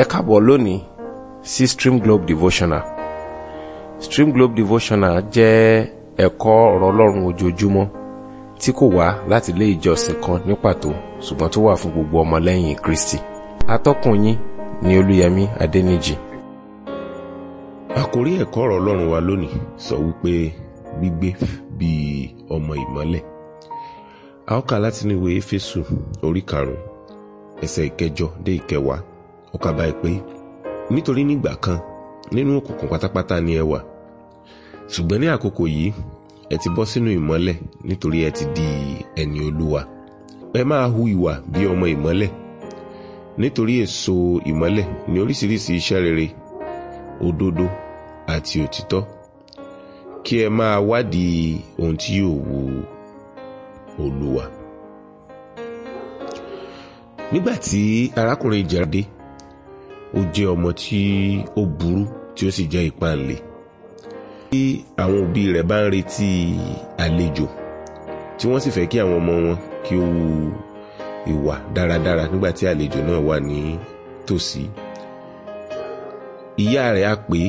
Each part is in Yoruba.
ẹ káàbọ̀ lónìí sí Stream Globe Devotional Stream Globe Devotional jẹ́ ẹ̀kọ́ ọ̀rọ̀ ọlọ́run ojoojúmọ́ tí kò wá láti ilé ìjọsìn kan ní pàtó ṣùgbọ́n tó wà fún gbogbo ọmọlẹ́yìn Kristi atọ́kùn yín ni Olúyẹmí Adẹ́nìjì. àkórí ẹ̀kọ́ ọ̀rọ̀ ọlọ́run wa lónìí sọ wípé gbígbé bíi ọmọ ìmọ́lẹ̀ a ó kà látinú ìwé Éfésù orí karùn-ún ẹsẹ̀ ìkẹjọ dé ìkẹwàá ó kà báyìí pé nítorí nígbà kan nínú òkùnkùn pátápátá ni ẹ wà ṣùgbọ́n ní àkókò yìí ẹ ti bọ́ sínú ìmọ́lẹ̀ nítorí ẹ ti di ẹni olúwa ẹ máa hu ìwà bí ọmọ ìmọ́lẹ̀ nítorí èso ìmọ́lẹ̀ ní oríṣiríṣi iṣẹ́ rere òdodo àti òtítọ́ kí ẹ máa wádìí ohun tí yóò wu olúwa nígbà tí arákùnrin jẹrẹ dé ó jẹ́ ọmọ tí ó burú tí ó sì jẹ́ ìpáǹle tí àwọn òbí rẹ̀ bá ń retí àlejò tí wọ́n sì fẹ́ kí àwọn ọmọ wọn kí ó wu ìwà dáradára nígbà tí àlejò náà wà ní tòsí ìyá rẹ̀ á pè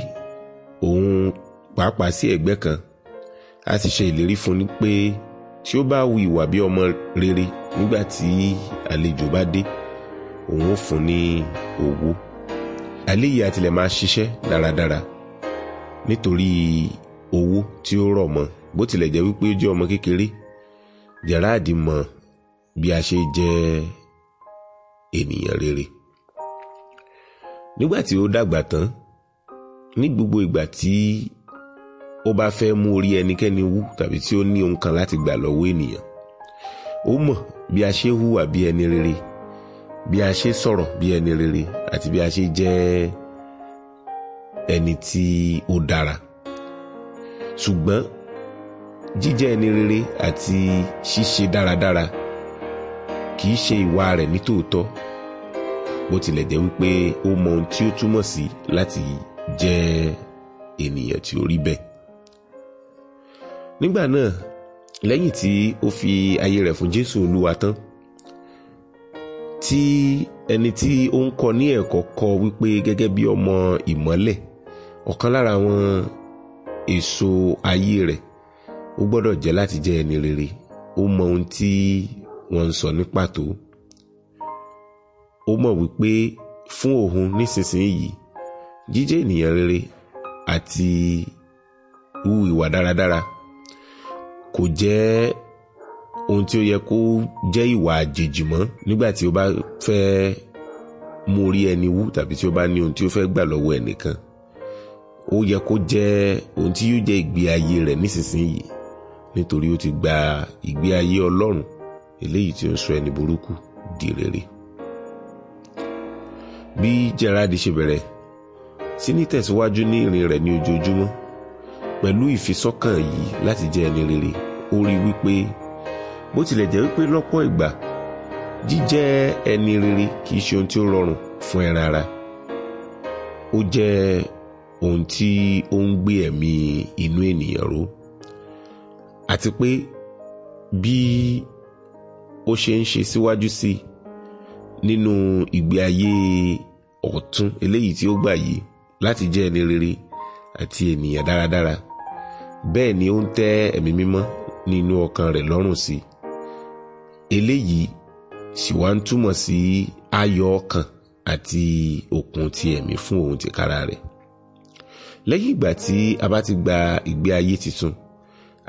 òun pàápàá sí ẹ̀gbẹ́ kan a sì ṣe ìlérí fún un pé tí ó bá wu ìwà bí ọmọ rere nígbà tí àlejò bá dé òun ó fún un ní owó eléyìí a tilẹ̀ máa ṣiṣẹ́ dáradára nítorí owó tí ó rọ̀ mọ́ bó tilẹ̀ jẹ́ wípé ó jẹ́ ọmọ kékeré Gerard mọ̀ bí a ṣe jẹ́ ènìyàn rere nígbà tí ó dàgbà tán ní gbogbo ìgbà tí ó bá fẹ́ mú orí ẹnikẹ́ni wú tàbí tí ó ní ohun kan láti gbà lọ́wọ́ ènìyàn ó mọ̀ bí a ṣe hùwà bí ẹni rere bí a ṣe sọ̀rọ̀ bí ẹni rere àti bí a ṣe jẹ́ ẹni tí ó dára ṣùgbọ́n jíjẹ́ ẹni rere àti ṣíṣe dáradára kì í ṣe ìwà rẹ̀ nítòótọ́ bó tilẹ̀ jẹ́ wípé ó mọ ohun tí ó túmọ̀ sí láti jẹ́ ènìyàn tí ó rí bẹ́ẹ̀ nígbà náà lẹ́yìn tí ó fi ayé rẹ̀ fún Jésù Olúwa tán tí ẹni tí ó ń kọ́ ní ẹ̀kọ́ kọ wípé gẹ́gẹ́ bí ọmọ ìmọ́lẹ̀ ọ̀kan lára àwọn èso ayé rẹ̀ ó gbọ́dọ̀ jẹ́ láti jẹ́ ẹni rere ó mọ ohun tí wọ́n ń sọ ní pàtó ó mọ̀ wípé fún òun nísinsìnyí jíjẹ́ ènìyàn rere àti hù ìwà dáradára kò jẹ́ ohun tí ó yẹ kó jẹ́ ìwà àjèjì mọ́ nígbà tí ó bá fẹ́ mú orí ẹni wú tàbí tí ó bá ní ohun tí ó fẹ́ gbà lọ́wọ́ ẹnìkan ó yẹ kó jẹ́ ohun tí yóò jẹ́ ìgbé ayé rẹ̀ nísinsìnyí nítorí ó ti gba ìgbé ayé ọlọ́run eléyìí tí ó ń sọ ẹni burúkú di rere bí Gerard ṣe bẹ̀rẹ̀ sí tẹ̀síwájú ní ìrìn rẹ̀ ní ojoojúmọ́ pẹ̀lú ìfisọ́kàn yìí láti jẹ́ ẹni rere ó rí wípé bó tilẹ̀ jẹ́ wípé lọ́pọ̀ ìgbà jíjẹ́ ẹni rere kìí ṣe ohun tí ó rọrùn fún ẹ rárá ó jẹ́ ohun tí ó ń gbé ẹ̀mí inú ènìyàn ró àti pé bí ó ṣe ń ṣe síwájú sí nínú ìgbé ayé ọ̀tún eléyìí tí ó gbà yìí láti jẹ́ ẹni rere àti ènìyàn dáradára bẹ́ẹ̀ ni ó ń tẹ́ ẹ̀mí mímọ́ nínú ọkàn rẹ̀ lọ́rùn sí i eléyìí sì wá ń túmọ̀ sí ayọ̀ ọkàn àti òkun ti ẹ̀mí fún òun tìkára rẹ̀ lẹ́yìn ìgbà tí a bá ti gba ìgbé ayé tuntun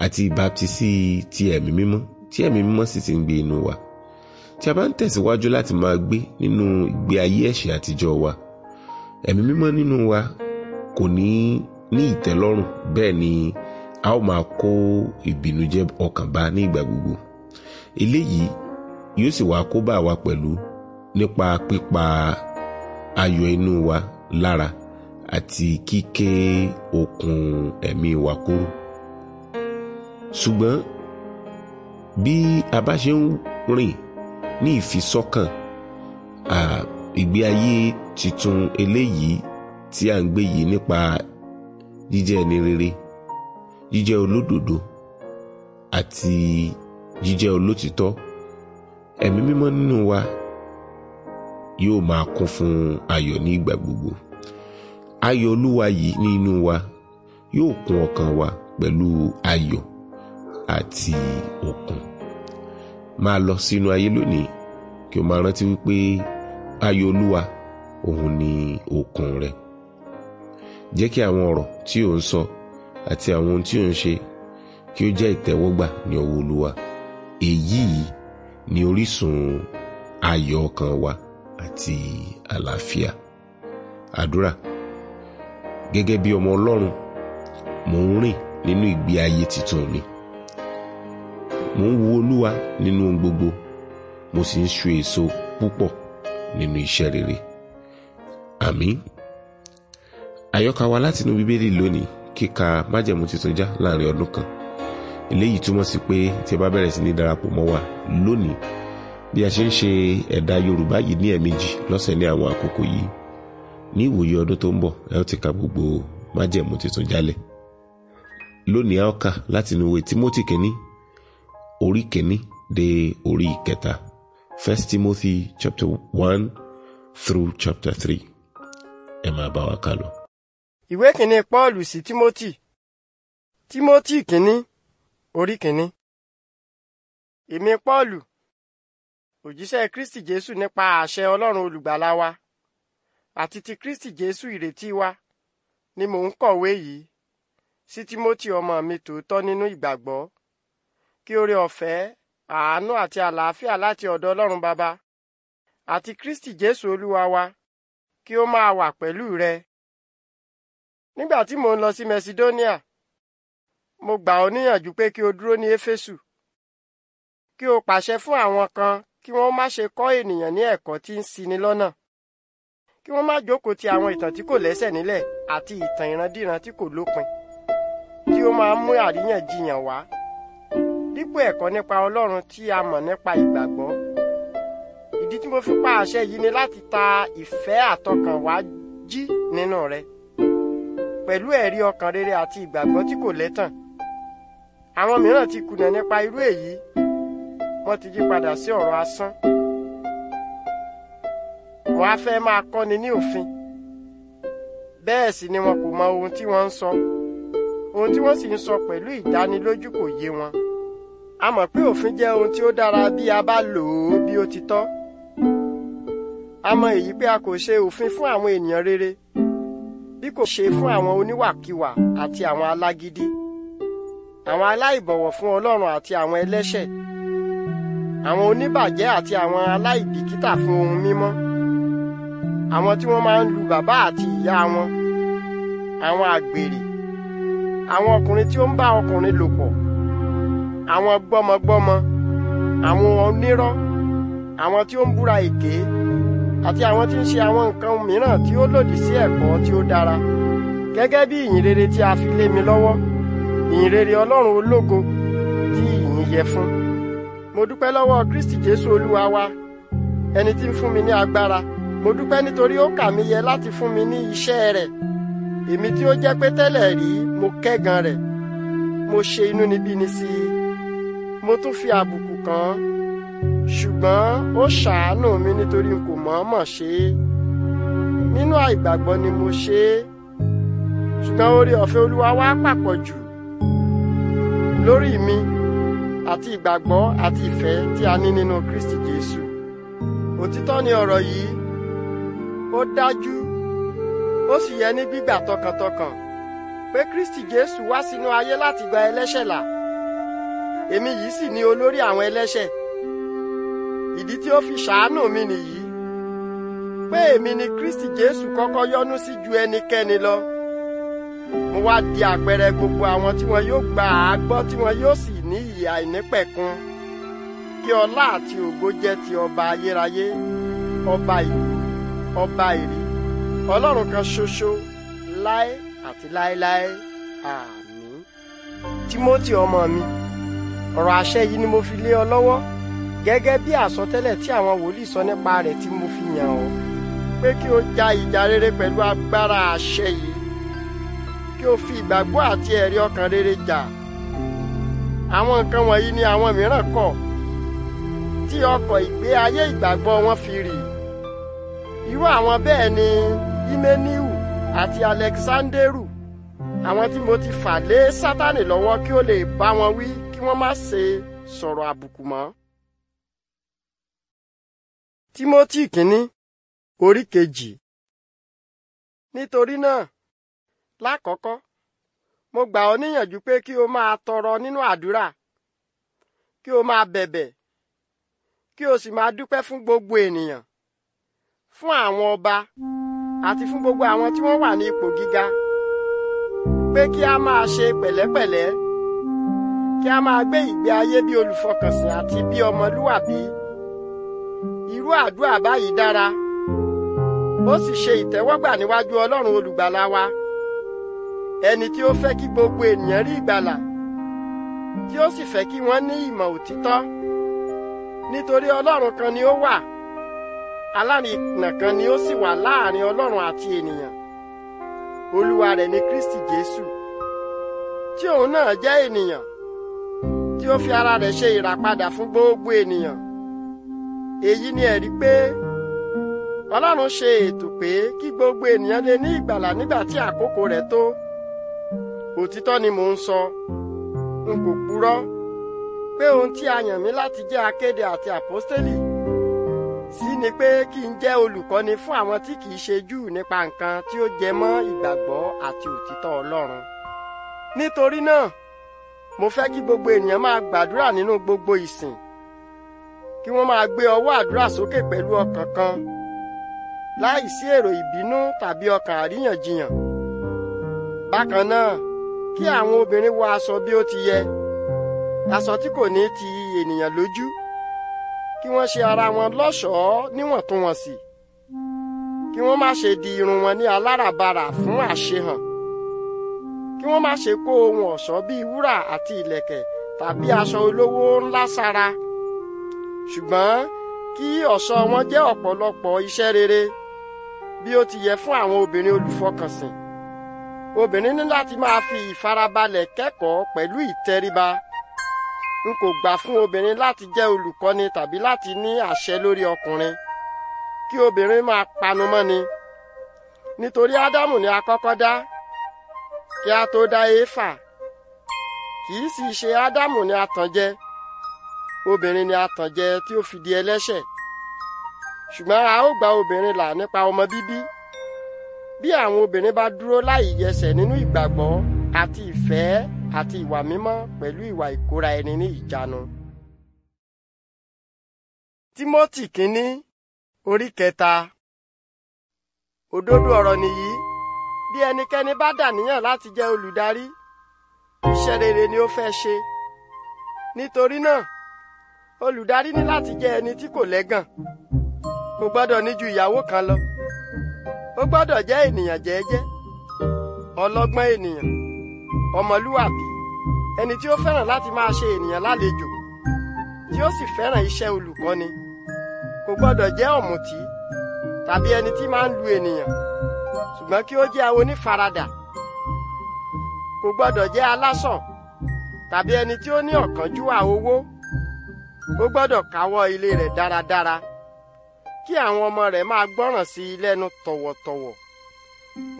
àti ìbáptisí ti ẹ̀mí mímọ́ tí ẹ̀mí mímọ́ sì ti ń gbé inú wa tí a bá ń tẹ̀síwájú láti máa gbé nínú ìgbé ayé ẹ̀ṣẹ̀ àtijọ́ wa ẹ̀mí mímọ́ nínú wa kò ní ní ìtẹ́lọ́rùn bẹ́ẹ̀ ni a ó máa kó ìbìnújẹ́ ọkàn bá ní ìgbà gbogbo eléyìí yóò sì wá kó bá wa pẹ̀lú nípa pípa ayọ̀ inú wa lára àti kíké okùn ẹ̀mí wa kúrú. ṣùgbọ́n bí a bá ṣe ń rìn ní ìfisọ́kàn ìgbé ayé tuntun eléyìí tí a ń gbé yìí nípa jíjẹ́ ẹni rere jíjẹ́ olódodo àti jíjẹ́ olótìtọ́ ẹ̀mí mímọ́ nínú wa yóò máa kún fún ayọ̀ ní ìgbà gbogbo ayọ̀ olúwa yìí nínú wa yóò kún ọkàn wa pẹ̀lú ayọ̀ àti òkun máa lọ sínú ayé lónìí kí o máa rántí wípé ayọ̀ olúwa òun ni òkun rẹ jẹ́ kí àwọn ọ̀rọ̀ tí ò ń sọ àti àwọn ohun tí ò ń ṣe kí ó jẹ́ ìtẹ́wọ́gbà ní ọwọ́ olúwa èyí ni orísun ayọ̀ ọkàn wa àti àlàáfíà àdúrà gẹ́gẹ́ bí ọmọ ọlọ́run mò ń rìn nínú ìgbé ayé tuntun mi mò ń wo olúwa nínú ohun gbogbo mo sì ń so èso púpọ̀ nínú iṣẹ́ rere àmín àyọkà wa látinú bíbélì lónìí kíka májẹ̀mú tuntun já láàrin ọdún kan eléyìí túmọ̀ sí pé tí ẹ bá bẹ̀rẹ̀ sí ní darapọ̀ mọ́ wa lónìí bí a ṣe ń ṣe ẹ̀dà yorùbá yìí ní ẹ̀ẹ̀mejì lọ́sẹ̀ ní àwọn àkókò yìí ní ìwòye ọdún tó ń bọ̀ ẹ ó ti ka gbogbo májẹ̀mú tuntun jálẹ̀ lónìí a láti inú ìwé timothy kẹ́ni orí kẹ́ni de orí ìkẹta first timothy chapter one through chapter three ẹ máa bá wa kà lọ. ìwé kìíní paul sí timothy timothy kìíní orí kìíní. Èmi Pọ́ọ̀lù, òjíṣẹ́ Kristi Jésù nípa àṣẹ Ọlọ́run olùgbàlà wa àti ti Kristi Jésù ìrètí wa ni mò ń kọ̀wé yìí sí Tímótì ọmọ mi tòótọ́ nínú ìgbàgbọ́ kí oore ọ̀fẹ́ àánú àti àlàáfíà láti ọ̀dọ̀ Ọlọ́run Baba àti Kristi Jésù Olúwa wa kí ó máa wà pẹ̀lú rẹ. Nígbà tí mò ń lọ sí Mẹsidóníà, mo gbà ọ níyànjú pé kí o dúró ní éfésù kí o pàṣẹ fún àwọn kan kí wọ́n má ṣe kọ́ ènìyàn ní ẹ̀kọ́ tí ń ṣini lọ́nà kí wọ́n má jókòó ti àwọn ìtàn tí kò lẹ́sẹ̀ nílẹ̀ àti ìtàn ìrandíran tí kò lópin tí ó máa ń mú àríyànjiyàn wá dípò ẹ̀kọ́ nípa Ọlọ́run tí a mọ̀ nípa ìgbàgbọ́ ìdí tí mo fi pa àṣẹ yìí ni láti ta ìfẹ́ àtọkànwá jí nínú rẹ pẹ̀lú ẹ̀rí ọkàn rere àti ìgbàgbọ́ tí kò lẹ́tàn àwọn mìíràn ti kùnà nípa irú èyí wọ́n ti yí padà sí ọ̀rọ̀ asán wọ́n á fẹ́ máa kọ́ni ní òfin bẹ́ẹ̀ sì ni wọn kò mọ ohun tí wọ́n ń sọ ohun tí wọ́n sì ń sọ pẹ̀lú ìdánilójú kò yé wọn a mọ̀ pé òfin jẹ́ ohun tí ó dára bí a bá lò ó bí ó ti tọ́ a mọ èyí pé a kò ṣe òfin fún àwọn ènìyàn rere bí kò ṣe fún àwọn oníwàkiwà àti àwọn alágídí àwọn aláìbọ̀wọ̀ fún Ọlọ́run àti àwọn ẹlẹ́ṣẹ̀ àwọn oníbàjẹ́ àti àwọn aláìbìkítà fún ohun mímọ́ àwọn tí wọ́n máa ń lu bàbá àti ìyá wọn àwọn àgbèrè àwọn ọkùnrin tí ó ń bá ọkùnrin lò pọ̀ àwọn gbọ́mọgbọ́mọ àwọn onírọ́ àwọn tí ó ń búra èké àti àwọn tí ń ṣe àwọn nǹkan mìíràn tí ó lòdì sí ẹ̀kọ́ tí ó dára gẹ́gẹ́ bí ìyìn rere tí a fi lé mi lọ́wọ́ ìyìnrere ọlọ́run ológo tí ìyìn yẹ fún mo dúpẹ́ lọ́wọ́ kristi jésù olúwa wa ẹni tí ń fún mi ní agbára mo dúpẹ́ nítorí ó kà mí yẹ láti fún mi ní iṣẹ́ rẹ̀ èmi tí ó jẹ́ pé tẹ́lẹ̀ rí mo kẹ́gàn rẹ̀ mo ṣe inúnibíni sí i mo tún fi àbùkù kàn án ṣùgbọ́n ó ṣàánú mi nítorí n kò mọ̀ọ́mọ̀ ṣe é nínú àìgbàgbọ́ ni mo ṣe é ṣùgbọ́n oore ọ̀fẹ́ olúwa wá pàpọ̀ jù lórí mi àti ìgbàgbọ́ àti ìfẹ́ tí a ní nínú Kristi Jésù òtítọ́ ni ọ̀rọ̀ yìí ó dájú ó sì yẹ ní gbígbà tọkàntọkàn pé Kristi Jésù wá sínú ayé láti gba ẹlẹ́ṣẹ̀ là èmi yìí sì ni olórí àwọn ẹlẹ́ṣẹ̀ ìdí tí ó fi ṣàánú mi nìyí pé èmi ni Kristi Jésù kọ́kọ́ yọ́nú sí ju ẹnikẹ́ni lọ mo wá di àpẹẹrẹ gbogbo àwọn tí wọn yóò gbà á gbọ́ tí wọn yóò sì ní ìyè àìnípẹ̀kun kí ọlá àti ògo jẹ́ ti ọba ayérayé ọba ìlú ọba ìrí ọlọ́run kan ṣoṣo láé àti láéláé àmín. timothy ọmọ mi ọ̀rọ̀ àṣẹ yìí ni mo fi lé ọ lọ́wọ́ gẹ́gẹ́ bí àsọtẹ́lẹ̀ tí àwọn wòlíì sọ nípa rẹ̀ tí mo fi yàn ọ́ pé kí o ja ìjà rere pẹ̀lú agbára àṣẹ yìí o fi ìgbàgbọ́ àti ẹ̀rí ọkàn rere jà àwọn nǹkan wọ̀nyí ni àwọn mìíràn kọ̀ tí ọkọ̀ ìgbé ayé ìgbàgbọ́ wọn fi rì irú àwọn bẹ́ẹ̀ ni Híméníù àti Alẹ́kisándérù àwọn tí mo ti fà lé Sátánì lọ́wọ́ kí ó lè bá wọn wí kí wọ́n má ṣe sọ̀rọ̀ àbùkù mọ́. Tímótì kínní orí kejì nítorí náà lákọ̀ọ́kọ́ mo gbà ọ níyànjú pé kí o máa tọrọ nínú àdúrà kí o máa bẹ̀bẹ̀ kí o sì máa dúpẹ́ fún gbogbo ènìyàn fún àwọn ọba àti fún gbogbo àwọn tí wọ́n wà ní ipò gíga pé kí a máa ṣe pẹ̀lẹ́pẹ̀lẹ́ kí a máa gbé ìgbé ayé bí olùfọkànsìn àti bí ọmọlúwàbí irú àdúrà báyìí dára ó sì ṣe ìtẹ́wọ́gbà níwájú Ọlọ́run olùgbàlà wa. ẹni tí ó fẹ́ kí gbogbo ènìyàn rí ìgbàlà tí ó sì fẹ́ kí wọ́n ní ìmọ̀ òtítọ́ nítorí ọlọ́run kan ni ó wà alárinà kan ni ó sì wà láàrin ọlọ́run àti ènìyàn olúwa rẹ̀ ni Kristi Jésù tí òun náà jẹ́ ènìyàn tí ó fi ara rẹ̀ ṣe ìràpadà fún gbogbo ènìyàn èyí ni ẹ̀rí pé ọlọ́run ṣe ètò pé kí gbogbo ènìyàn lè ní ìgbàlà nígbà tí àkókò rẹ̀ tó. òtítọ́ ni mò ń sọ n kò purọ́ pé ohun tí a yàn mí láti jẹ́ akéde àti àpọ́stélì sí ni pé kí n jẹ́ olùkọ́ni fún àwọn tí kìí ṣe Júù nípa nǹkan tí ó jẹ mọ́ ìgbàgbọ́ àti òtítọ́ Ọlọ́run nítorí náà mo fẹ́ kí gbogbo ènìyàn máa gbàdúrà nínú gbogbo ìsìn kí wọ́n máa gbé ọwọ́ àdúrà sókè pẹ̀lú ọkàn kan láìsí èrò ìbínú tàbí ọkàn àríyànjiyàn bákan náà kí àwọn obìnrin wọ aṣọ bí ó ti yẹ aṣọ tí kò ní ti ènìyàn lójú kí wọ́n ṣe ara wọn lọ́ṣọ̀ọ́ níwọ̀ntúnwọ̀nsì kí wọ́n má ṣe di irun wọn ní aláràbarà fún àṣehàn kí wọ́n má ṣe kó ohun ọ̀ṣọ́ bíi wúrà àti ìlẹ̀kẹ̀ tàbí aṣọ olówó ńlá sára ṣùgbọ́n kí ọ̀ṣọ́ wọn jẹ́ ọ̀pọ̀lọpọ̀ iṣẹ́ rere bí ó ti yẹ fún àwọn obìnrin olùfọkànsìn obìnrin ní láti máa fi ìfarabalẹ̀ kẹ́kọ̀ọ́ pẹ̀lú ìtẹríba n kò gbà fún obìnrin láti jẹ́ olùkọ́ni tàbí láti ní àṣẹ lórí ọkùnrin kí obìnrin máa panumọ́ ni nítorí ádámù ni a kọ́kọ́ dá kí a tó dá éfà kì í sì ṣe ádámù ni a tàn jẹ obìnrin ni a tàn jẹ tí ó fi di ẹlẹ́ṣẹ̀ ṣùgbọ́n a ó gba obìnrin là nípa ọmọ bíbí bí àwọn obìnrin bá dúró láì yẹsẹ̀ nínú ìgbàgbọ́ àti ìfẹ́ àti ìwà mímọ́ pẹ̀lú ìwà ìkóra ẹni ní ìjánu. Tímọ́tì kínní orí kẹta òdodo ọ̀rọ̀ nìyí bí ẹnikẹ́ni bá dàníyàn láti jẹ́ olùdarí iṣẹ́ rere ni ó fẹ́ ṣe nítorí náà olùdarí ní láti jẹ́ ẹni tí kò lẹ́gàn kò gbọ́dọ̀ ní ju ìyàwó kan lọ ó gbọ́dọ̀ jẹ́ ènìyàn jẹ́ẹ́jẹ́ ọlọ́gbọ́n ènìyàn ọmọlúwàbí ẹni tí ó fẹ́ràn láti máa ṣe ènìyàn lálejò tí ó sì fẹ́ràn iṣẹ́ olùkọ́ni kò gbọ́dọ̀ jẹ́ ọ̀mùtí tàbí ẹni tí máa ń lu ènìyàn ṣùgbọ́n kí ó jẹ́ onífaradà kò gbọ́dọ̀ jẹ́ alásàn tàbí ẹni tí ó ní ọ̀kánjúwà owó ó gbọ́dọ̀ káwọ́ ilé rẹ̀ dáradára. Dára kí àwọn ọmọ rẹ̀ máa gbọ́ràn sí i lẹ́nu tọ̀wọ̀tọ̀wọ̀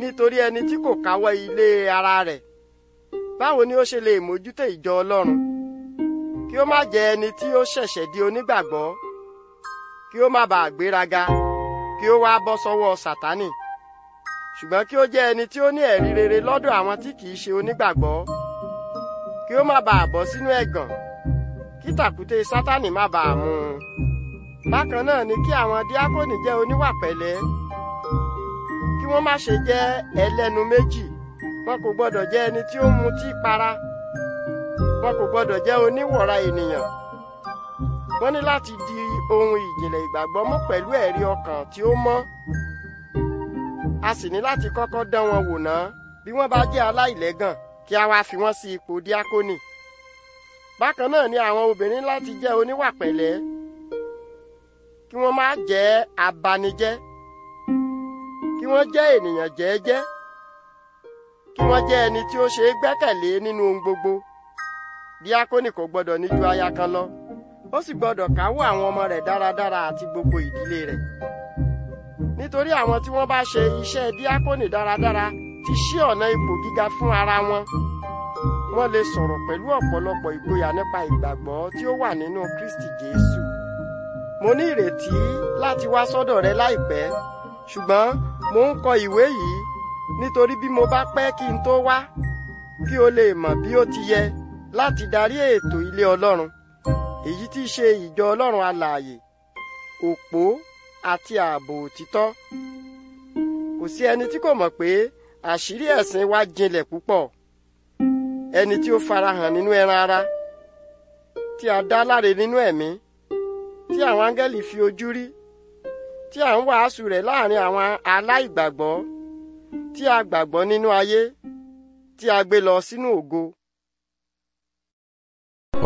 nítorí ẹni tí kò káwọ́ ilé ara rẹ̀ báwo ni ó ṣe lè mójútó ìjọ Ọlọ́run kí ó má jẹ ẹni tí ó ṣẹ̀ṣẹ̀ di onígbàgbọ́ kí ó má bàa gbéraga kí ó wá bọ́ sọ́wọ́ Sátánì ṣùgbọ́n kí ó jẹ́ ẹni tí ó ní ẹ̀rí rere lọ́dọ̀ àwọn tí kìí ṣe onígbàgbọ́ kí ó má bàa bọ́ sínú ẹ̀gàn kí tàkúté Sátánì má bàa mú un. Mm. bákan náà ni kí àwọn díákónì jẹ́ oníwà pẹ̀lẹ́ kí wọ́n má ṣe jẹ́ ẹlẹ́nu méjì wọn kò gbọ́dọ̀ jẹ́ ẹni tí ó mutí para wọn kò gbọ́dọ̀ jẹ́ oníwọ̀ra ènìyàn wọ́n ní láti di ohun ìjìnlẹ̀ ìgbàgbọ́ mú pẹ̀lú ẹ̀rí ọkàn tí ó mọ́ a sì ní láti kọ́kọ́ dán wọn wò ná bí wọ́n bá jẹ́ aláìlẹ́gàn kí a wá fi wọ́n sí ipò díákónì bákan náà ni àwọn obìnrin láti jẹ́ oníwà pẹ̀lẹ́ kí wọ́n má jẹ́ abanijẹ́ kí wọ́n jẹ́ ènìyàn jẹ́ẹ́jẹ́ kí wọ́n jẹ́ ẹni tí ó ṣe é gbẹ́kẹ̀lé nínú ohun gbogbo díákónì kò gbọ́dọ̀ ní ju aya kan lọ ó sì gbọ́dọ̀ káwọ́ àwọn ọmọ rẹ̀ dáradára àti gbogbo ìdílé rẹ̀ nítorí àwọn tí wọ́n bá ṣe iṣẹ́ díákónì dáradára ti ṣí ọ̀nà ipò gíga fún ara wọn wọ́n lè sọ̀rọ̀ pẹ̀lú ọ̀pọ̀lọpọ̀ ìgboyà nípa ìgbàgbọ́ tí ó wà nínú Kristi Jésù mo ní ìrètí láti wá sọ́dọ̀ rẹ láìpẹ́ ṣùgbọ́n mo ń kọ ìwé yìí nítorí bí mo bá pẹ́ kí n tó wá kí o lè mọ̀ bí ó ti yẹ láti darí ètò ilé Ọlọ́run èyí tí í ṣe ìjọ Ọlọ́run alààyè òpó àti ààbò òtítọ́ kò sí ẹni tí kò mọ̀ pé àṣírí ẹ̀sìn wa jinlẹ̀ púpọ̀ ẹni tí ó farahàn nínú ẹran ara tí a dá láre nínú ẹ̀mí. E tí àwọn áńgẹ́lì fi ojú rí tí à ń wàásù rẹ̀ láàrin àwọn aláìgbàgbọ́ tí a gbàgbọ́ nínú ayé tí a gbé lọ sínú ògo.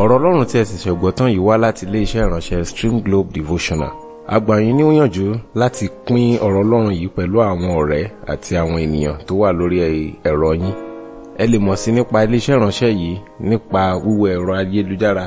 ọ̀rọ̀ ọlọ́run tí ẹ sì ṣẹ̀gbọ́ tán yìí wá láti iléeṣẹ́ ìránṣẹ́ Stream Globe Devotional a gbà yín ní òyànjú láti pín ọ̀rọ̀ ọlọ́run yìí pẹ̀lú àwọn ọ̀rẹ́ àti àwọn ènìyàn tó wà lórí ẹ̀rọ yín ẹ lè mọ̀ sí nípa iléeṣẹ́ ìránṣẹ́ yìí nípa wíwọ ẹ̀rọ ayélujára